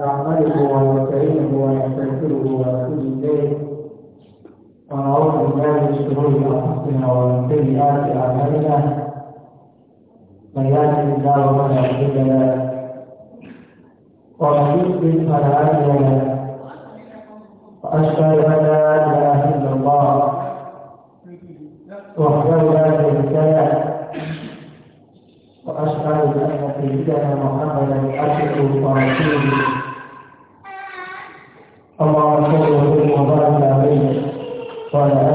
نعمله ونستعينه ونستغفره ونتوب اليه ونعوذ بالله من شرور انفسنا ومن سيئات اعمالنا من يهده الله فلا مضل له ومن يضلل فلا هادي له واشهد ان لا اله الا الله وحده لا شريك له واشهد ان سيدنا محمدا عبده ورسوله قال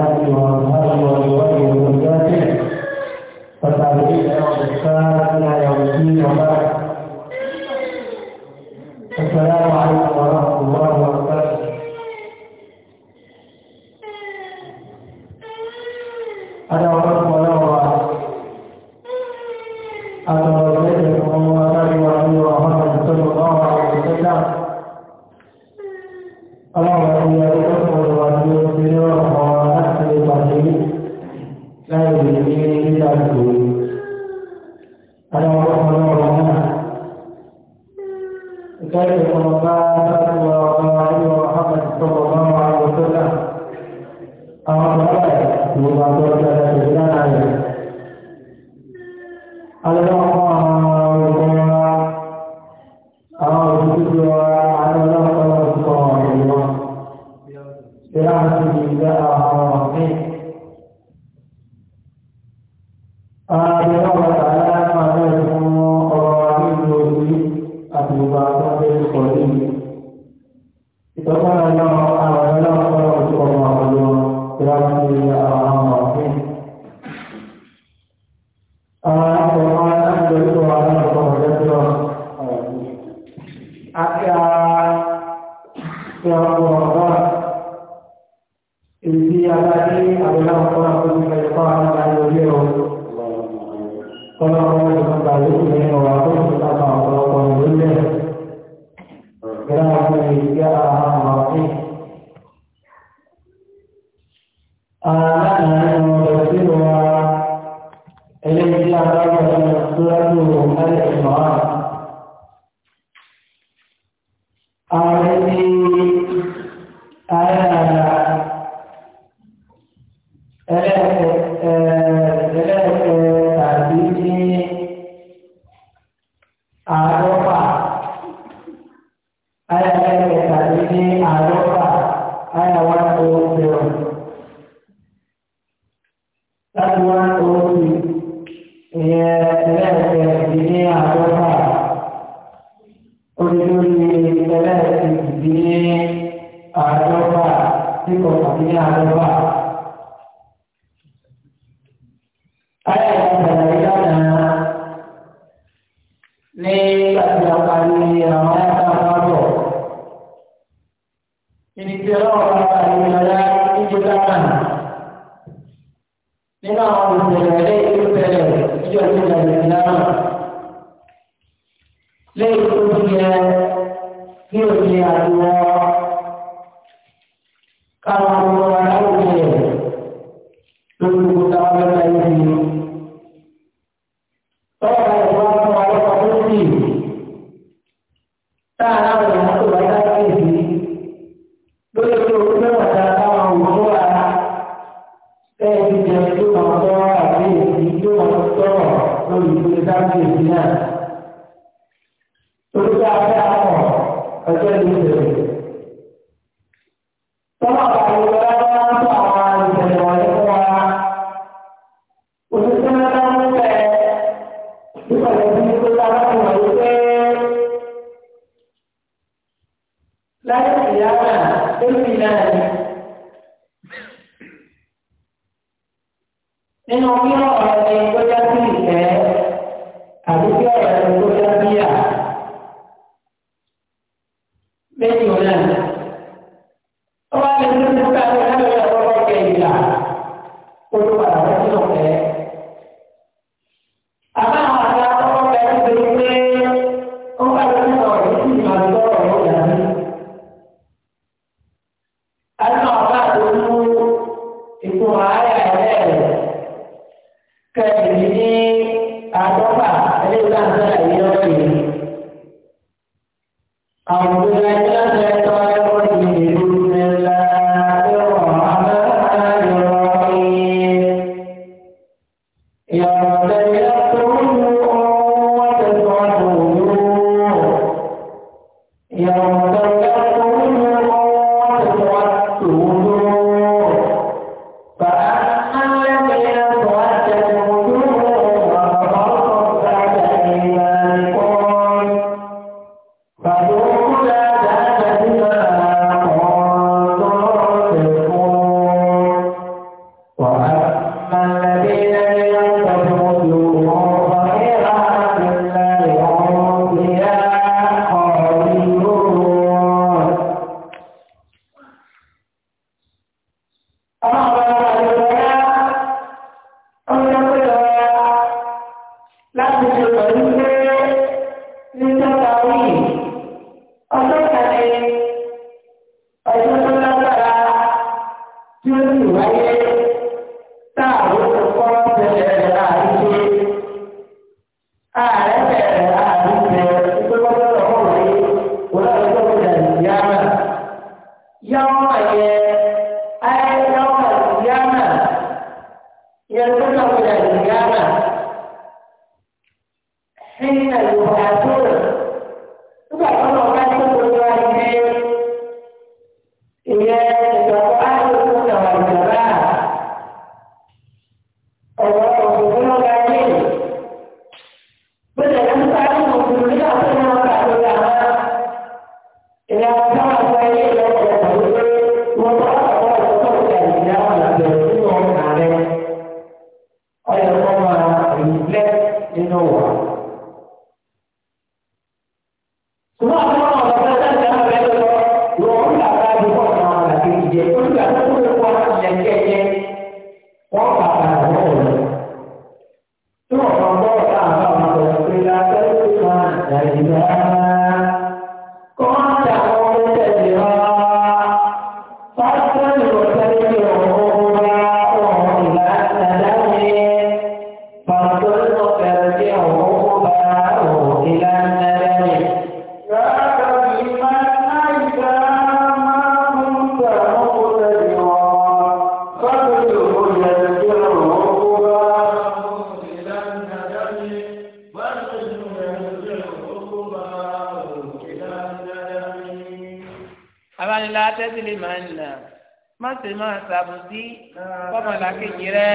ọmọlàkejì rẹ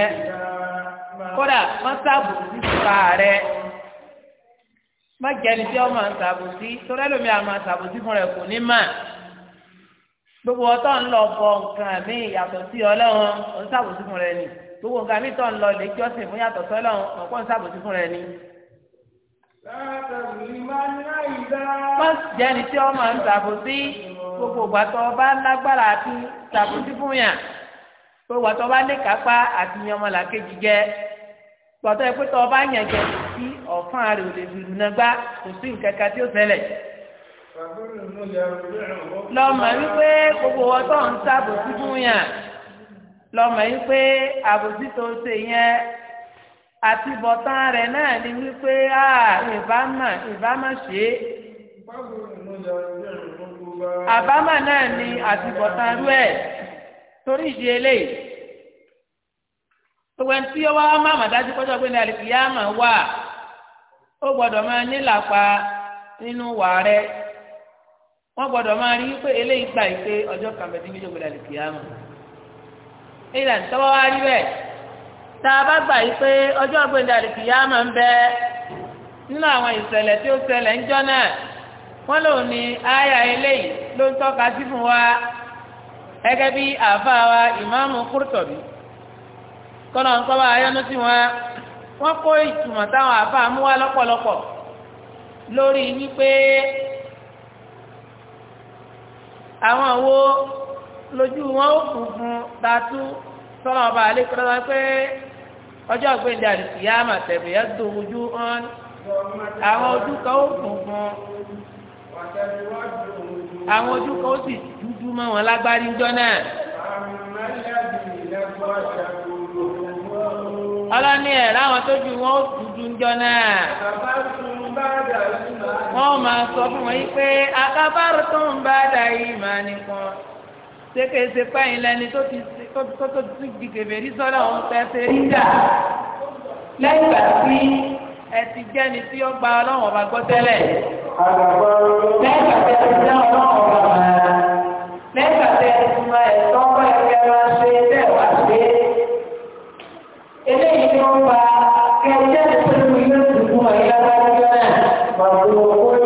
kódà má ṣàbùsí fà rẹ má jẹni tí ọmọ ṣàbùsí torí ẹlòmíì àmọ́ ṣàbùsí fún rẹ kò ní mà gbogbo ọtọ ń lọ fọ nǹkan mi yàtọ̀ sí Ọlọ́run ọ̀n ṣàbùsí fún rẹ ni gbogbo nǹkan mi tọ̀ ń lọ lè jọ́sìn fún yàtọ̀ sí Ọlọ́run ọ̀pọ̀ ń ṣàbùsí fún rẹ ni má jẹni tí ọmọ ṣàbùsí gbogbo ìgbà tó bá lágbára àti ṣàbùsí fún yàn pé wàtọ́ bá lè kápá àti yan ọmọ làkejì jẹ wàtọ́ yẹ pé tọ́ ọba yàn jẹ sí ọ̀fọ́n rẹ̀ ò lè dùdù náà gbá kò sí nǹkan kan tí ó ṣẹlẹ̀. lọ́mọ wípé gbogbo ọtọ́ ń sábòsí fún yàn lọ́mọ wípé àbòsí tó ṣe yẹn àti bọ̀tán rẹ̀ náà ni wípé a ìbámà ìbámà ṣe é. àbámà náà ni àti bọ̀tán rú ẹ̀ torí ìdí eléyìí. gbogbo ẹni tí ọwọ́ ọmọ àmàdájú kọjọ́ pé ní àlìkìyàmà wà ó gbọ́dọ̀ máa nílàpá nínú wà rẹ wọ́n gbọdọ máa rí pé eléyìí gbà yìí pé ọjọ́ kan bẹ̀ tí méjì gbọ́dọ̀ àlìkìyàmà ìlà tọ́wọ́ wá rí bẹ́ẹ̀ tá a bá gbà yìí pé ọjọ́ ń bẹ nínú àwọn ìṣẹ̀lẹ̀ tí ó ṣẹlẹ̀ ń náà wọ́n wa gẹ́gẹ́ bí wa ìmáàmù kọ́nà ń kọ́ba ayọ́nú sí wọn wọ́n kó ìtumọ̀ táwọn àfa mú wá lọ́pọ̀lọpọ̀ lórí wípé àwọn wo lójú wọn ó funfun tatu sọ́nà ọba àlékọ́lá pé ọjọ́ àgbéǹde àdìsíyá màtẹ̀bẹ̀ yá tó ojú hàn àwọn ojú kan ó funfun àwọn ojú kan ó sì dúdú mọ́ wọn lágbárí ńjọ́ náà ọlọ́ni ẹ̀ láwọn tójú wọn ó dúdú ńjọ náà. wọ́n máa sọ fún wọn yìí pé akábárò tó ń bá dà yìí máa nìkan ṣékeṣe pẹ́yìn lẹ́ni tó ti tó tó ti di kèbèrí sọ́dọ̀ wọn pẹ́ẹ́sẹ̀ rí dà lẹ́yìn ìgbà tí ẹ ti jẹ́ni tí ó gba ọlọ́run ọba gbọ́ tẹ́lẹ̀. lẹ́yìn ìgbà tí ẹ ti jẹ́ ọlọ́run ọba gbọ́ Ini yang kita kerja sepenuhnya semua yang ada di sana. Maklumlah.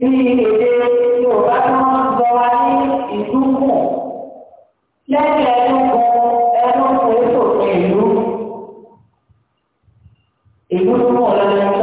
bí èdè Yorùbá tí wọ́n ń sọ wa ní ìlú kù lẹ́yìn ẹnu kan ẹnu kan ètò ìlú ìlú kù lọ́dọ̀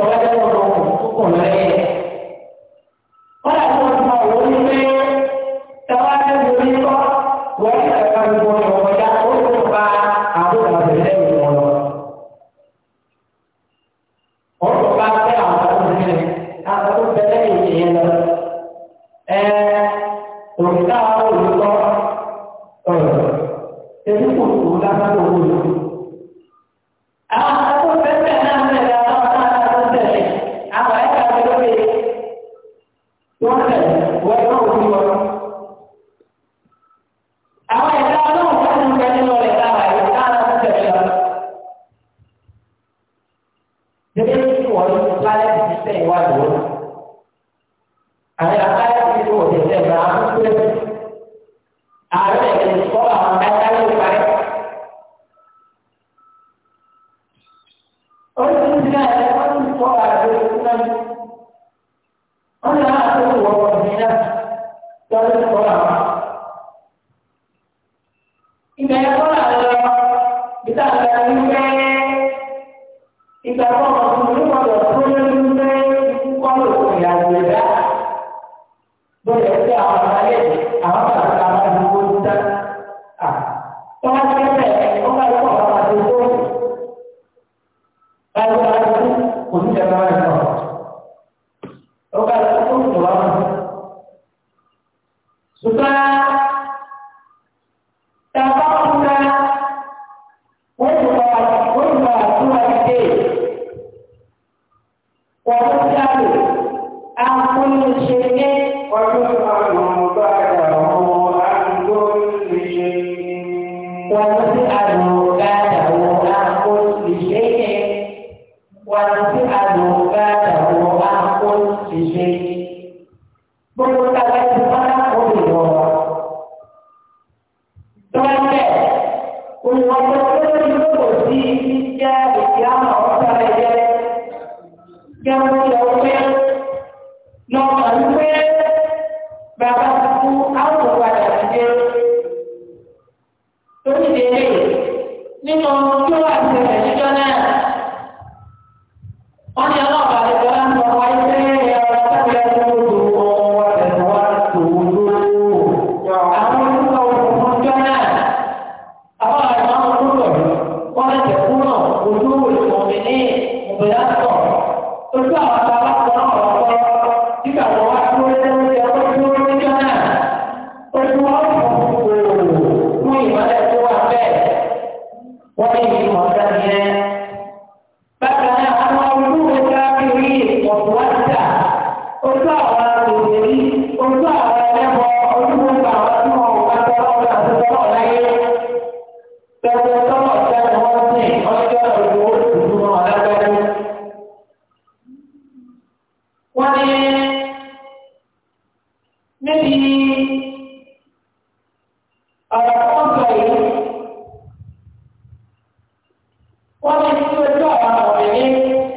para poder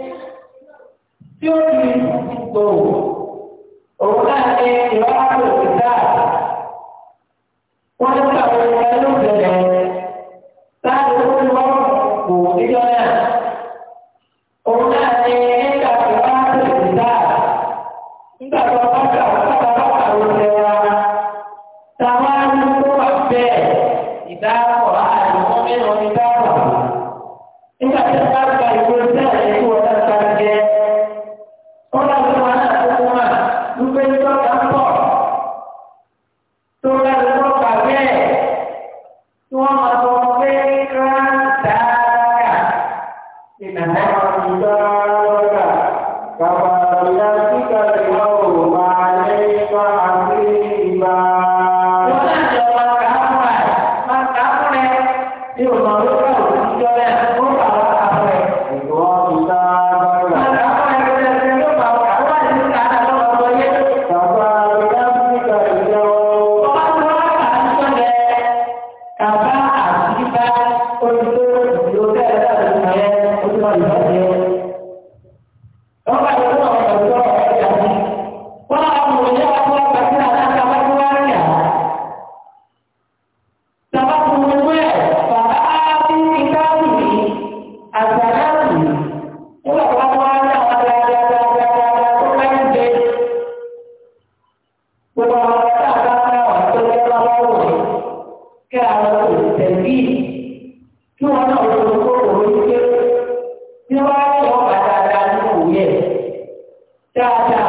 dáadáa.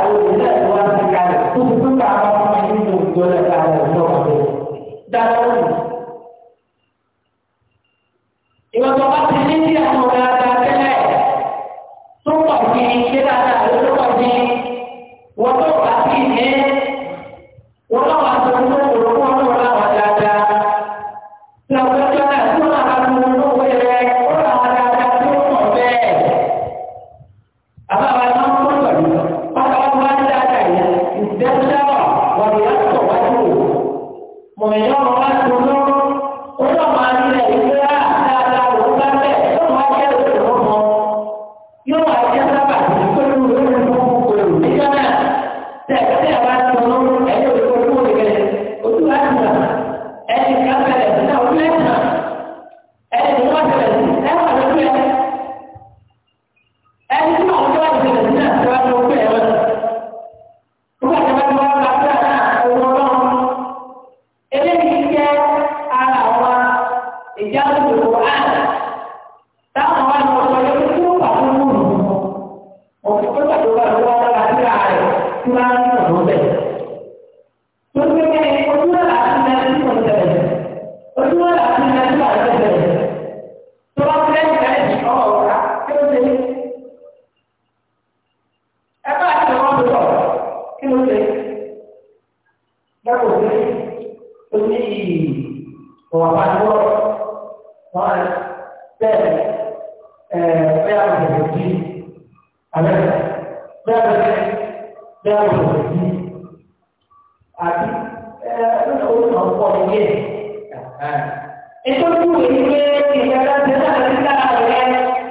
aquí eh, no se usa un poco bien. Entonces, tú dices que se agradece a la vida de la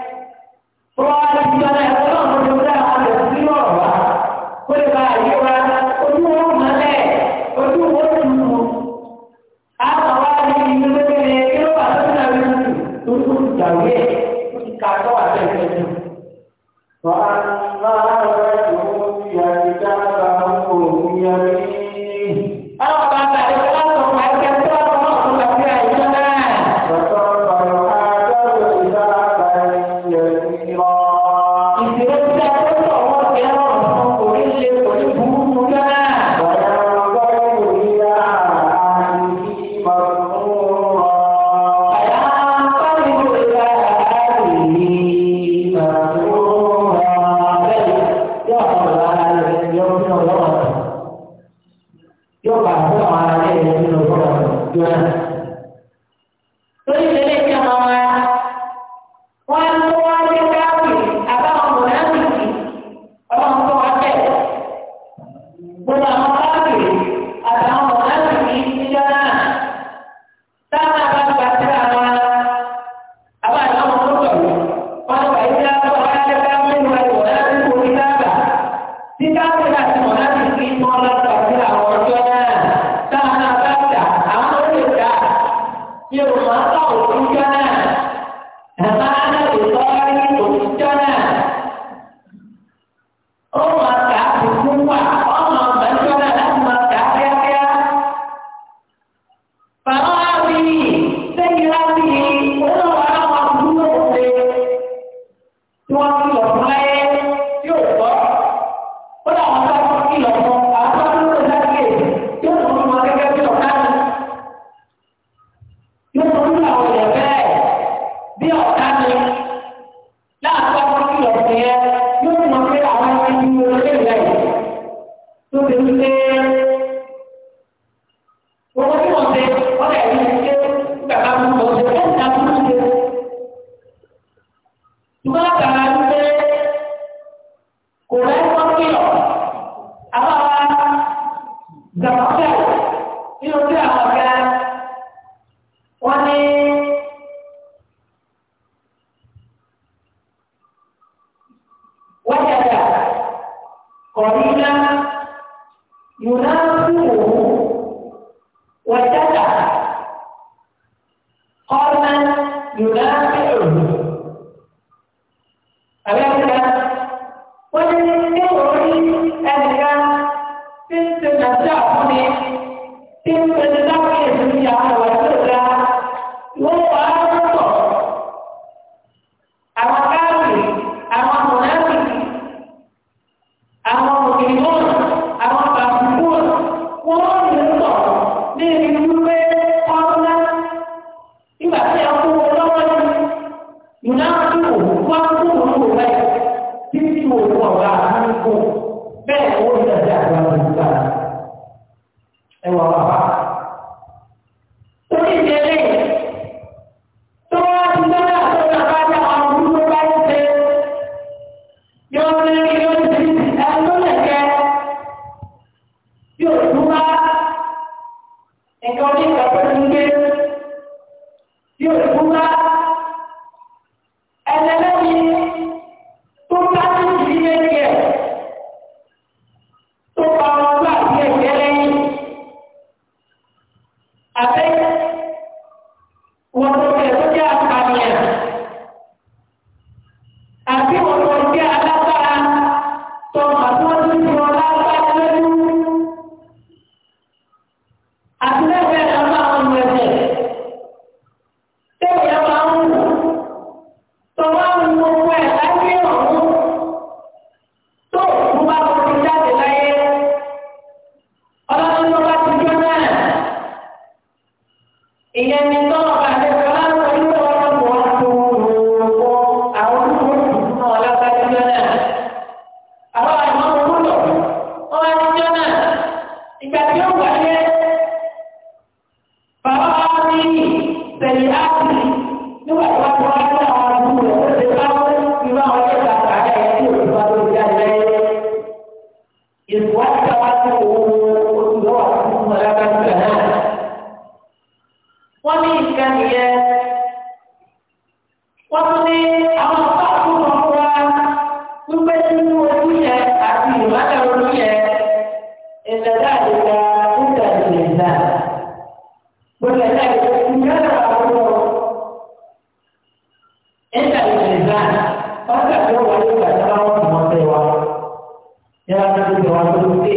àwùjọ wa tó ń dé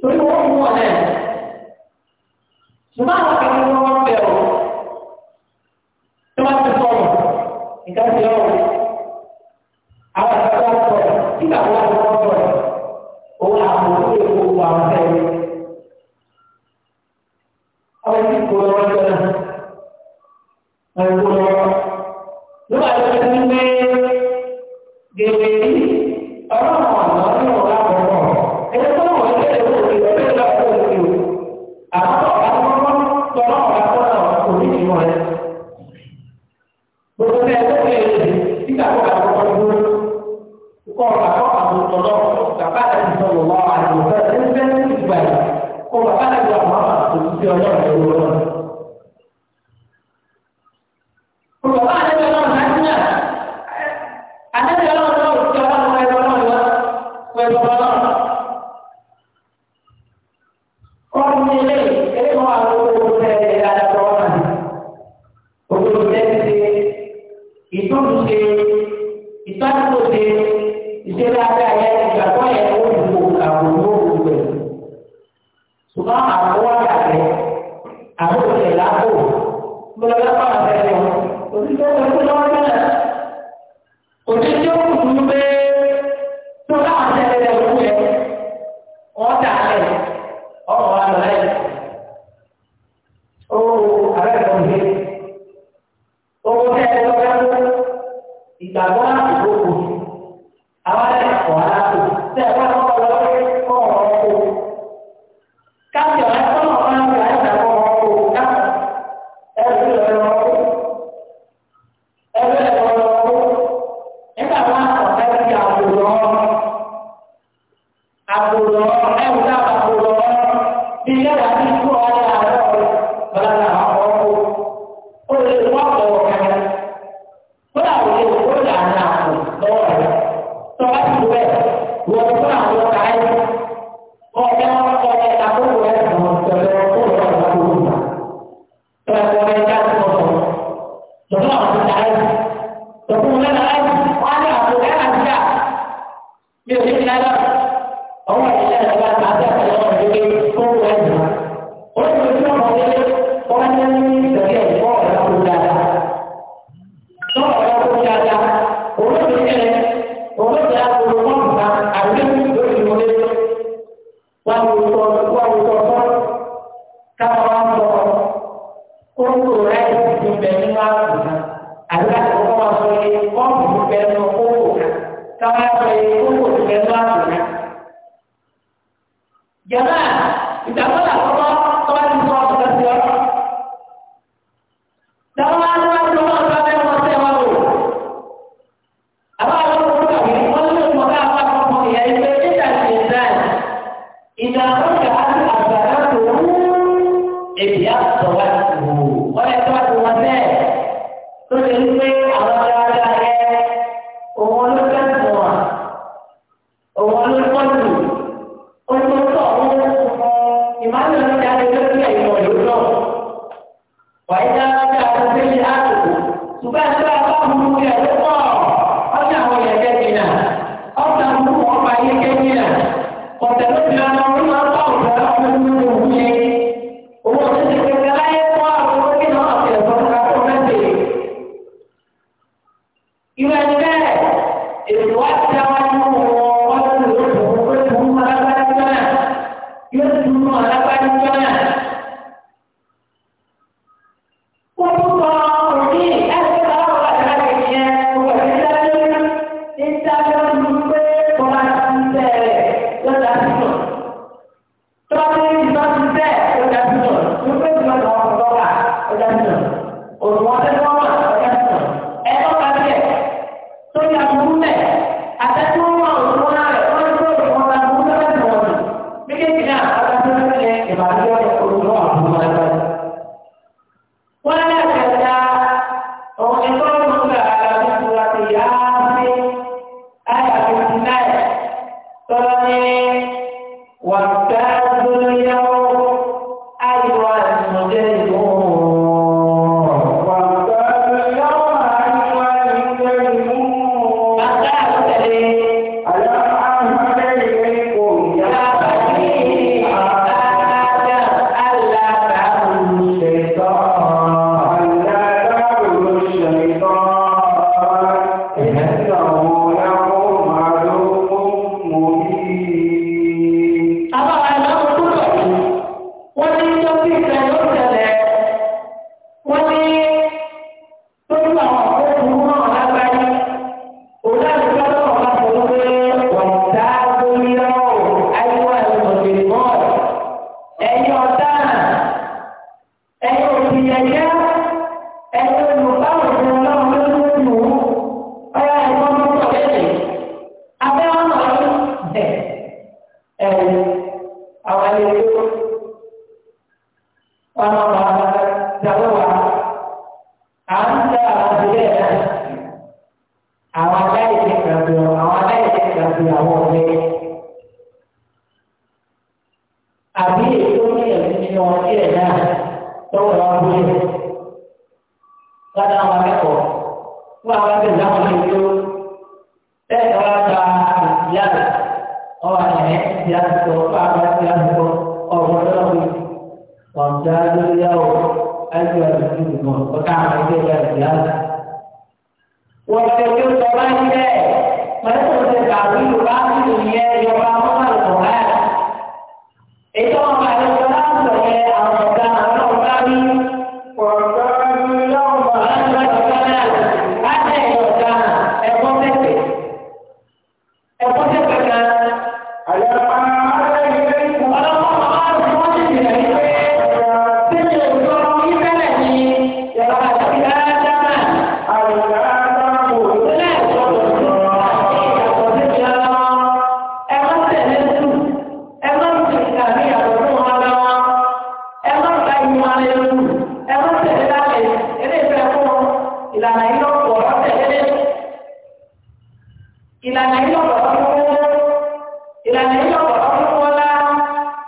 torí wọ́n mú wọn náà ṣùgbọ́n àwọn akẹ́kọ̀ọ́ wọn bẹ̀rù tí wọ́n ti sọ̀rọ̀ nǹkan ti ọ̀rọ̀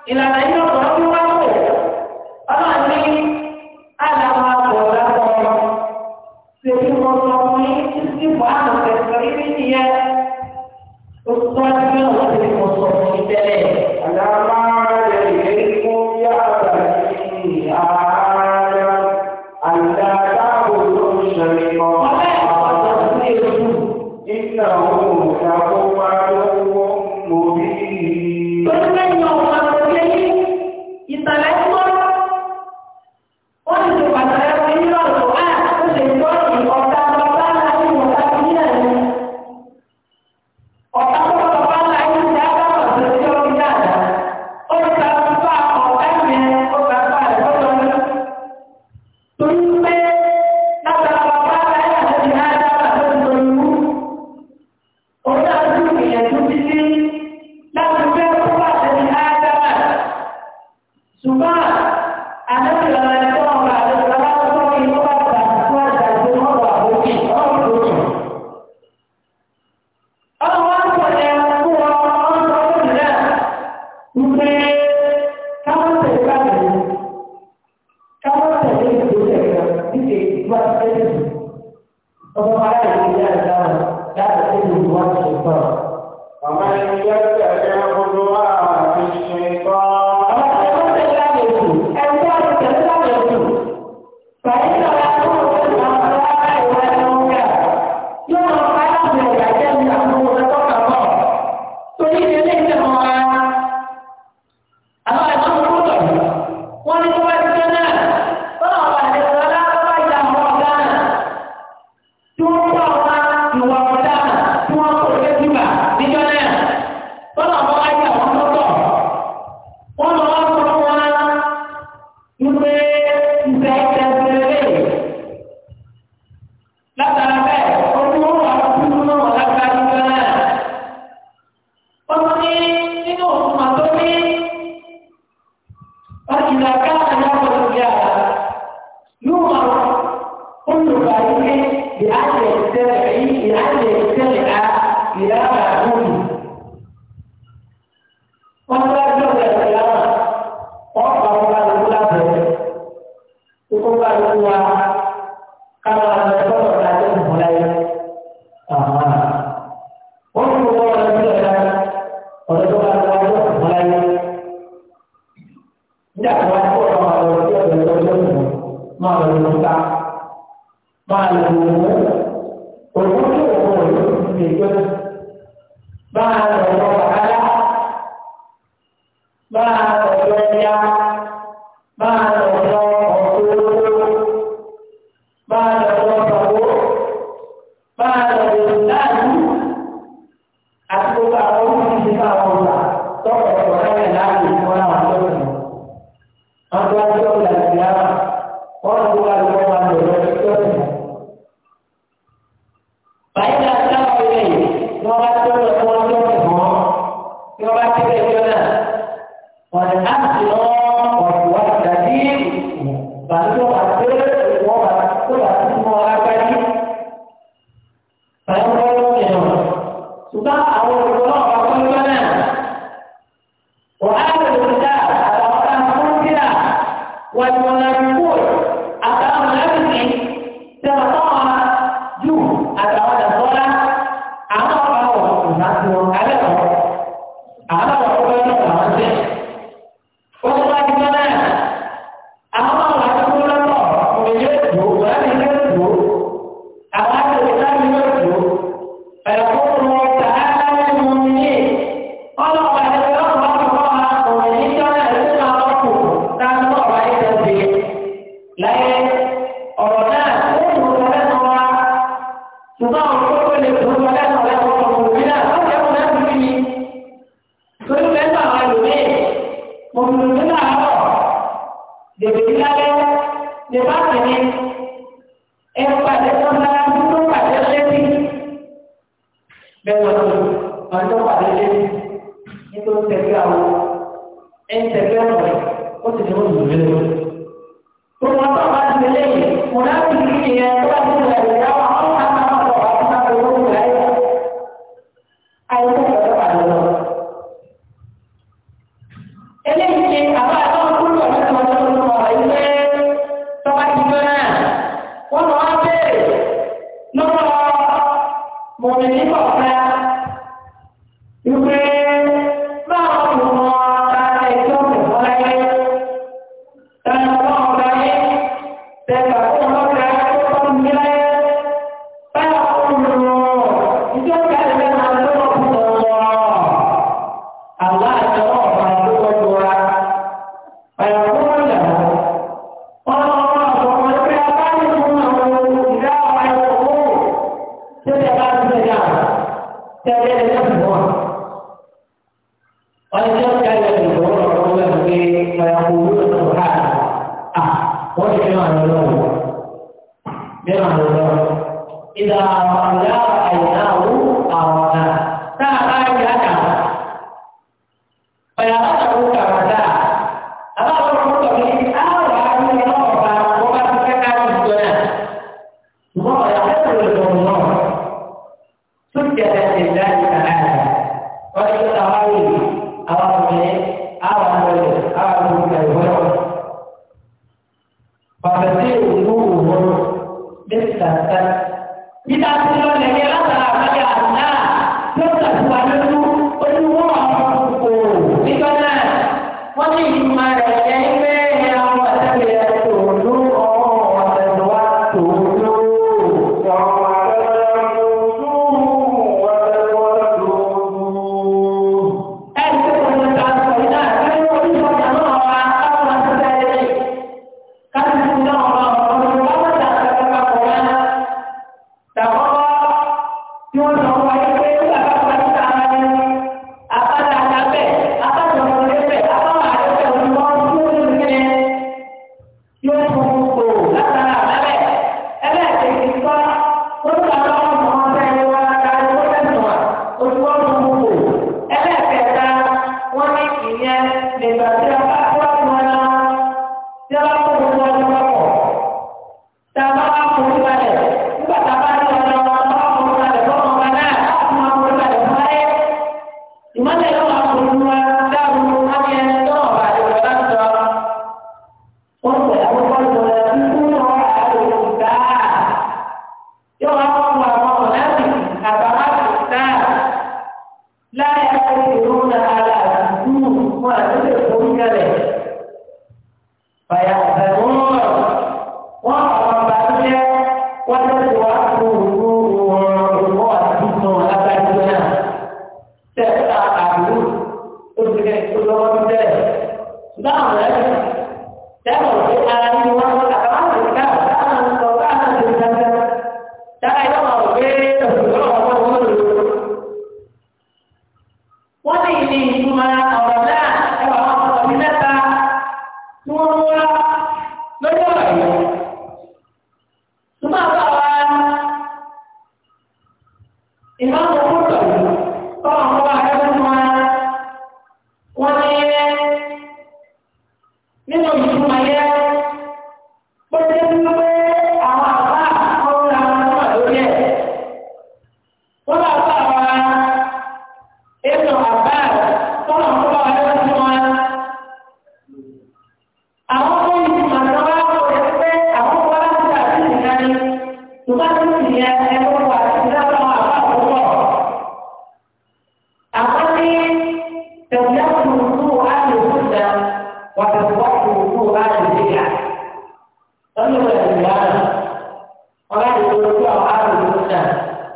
你来来哟。ṣùgbọ́n àwọn olùkọ́ náà wà fún ẹgbẹ́ náà. There are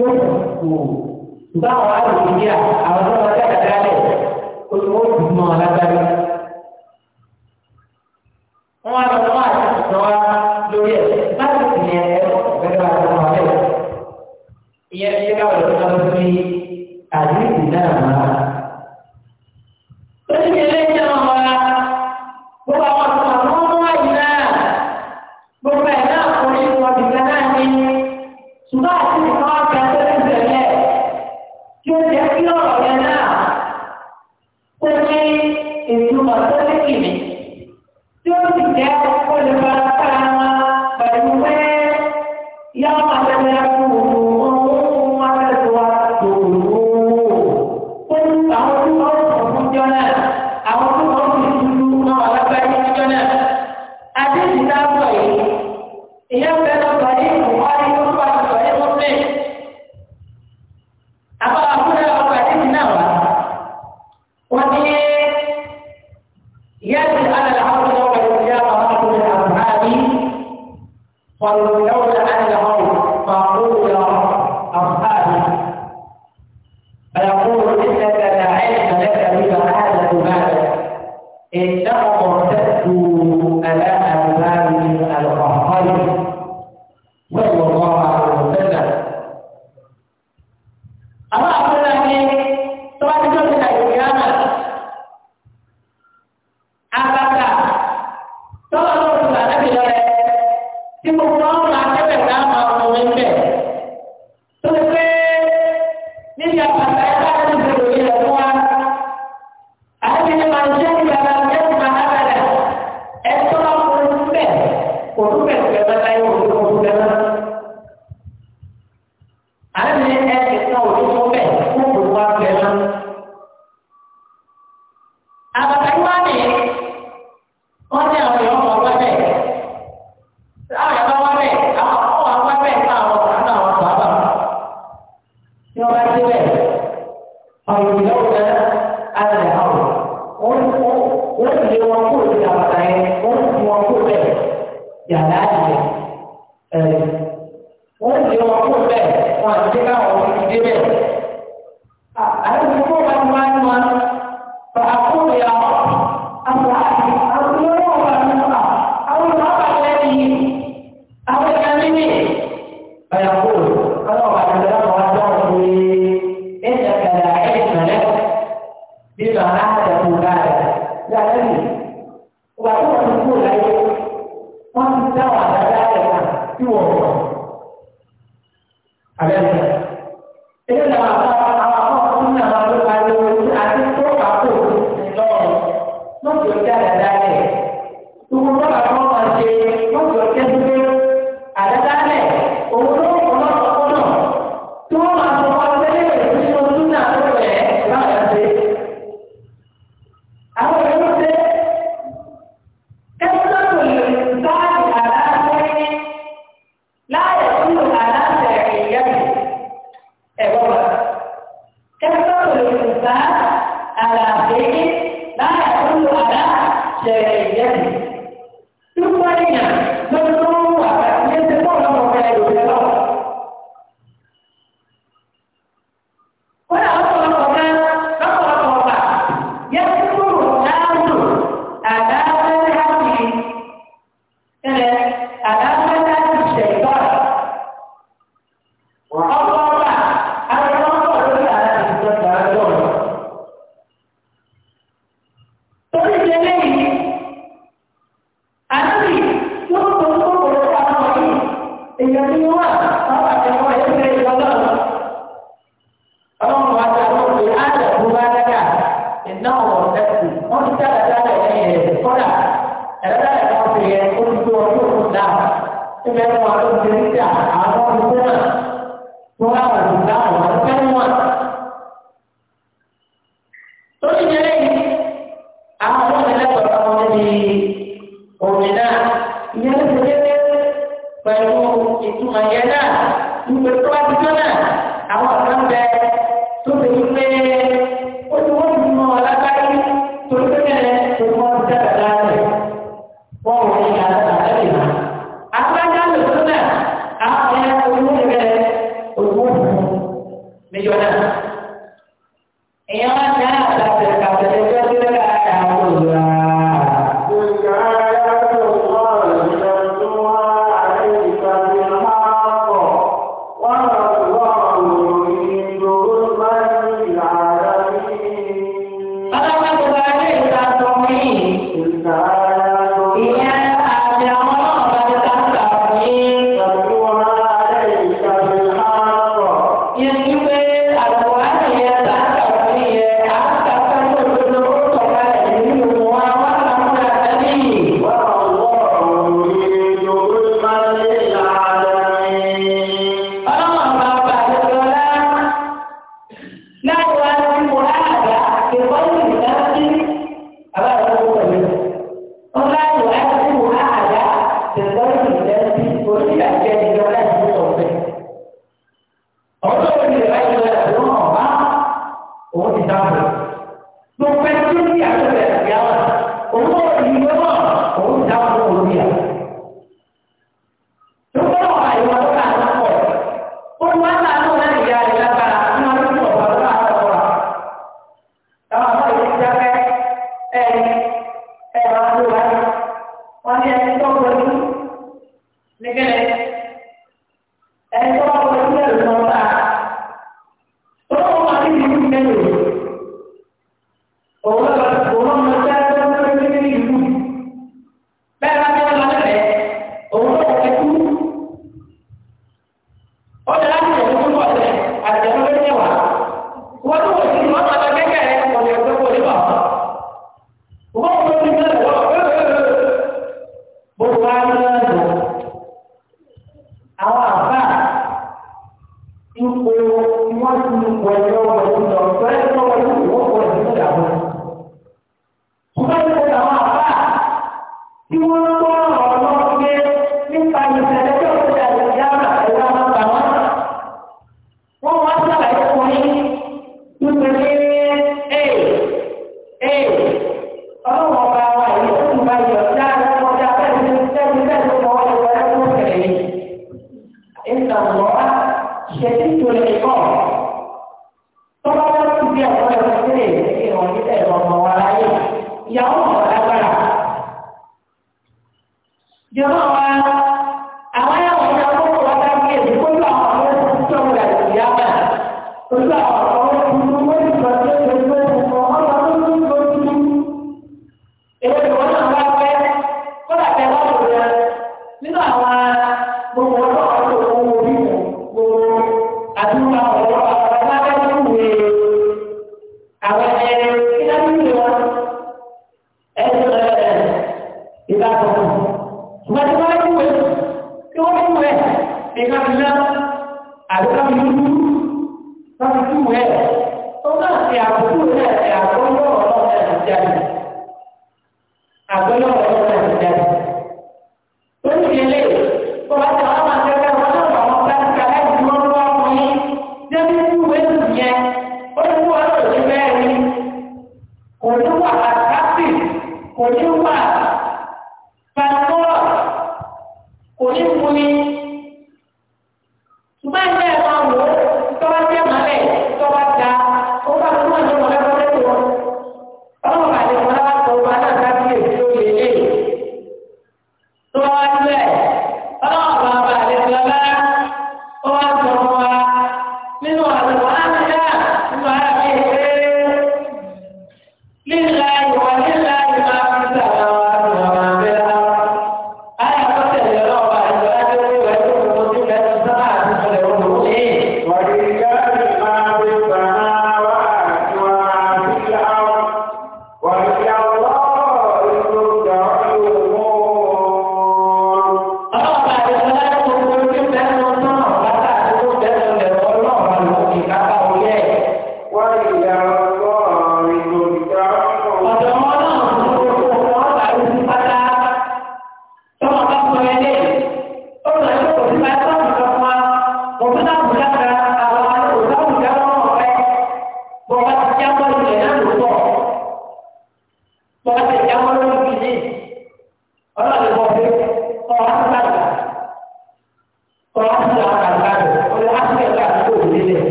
yóò kù ṣùgbọ́n àwọn àrùn ìdíyà àwọn tó wọn jáde dálẹ̀ olùwọ́n ti that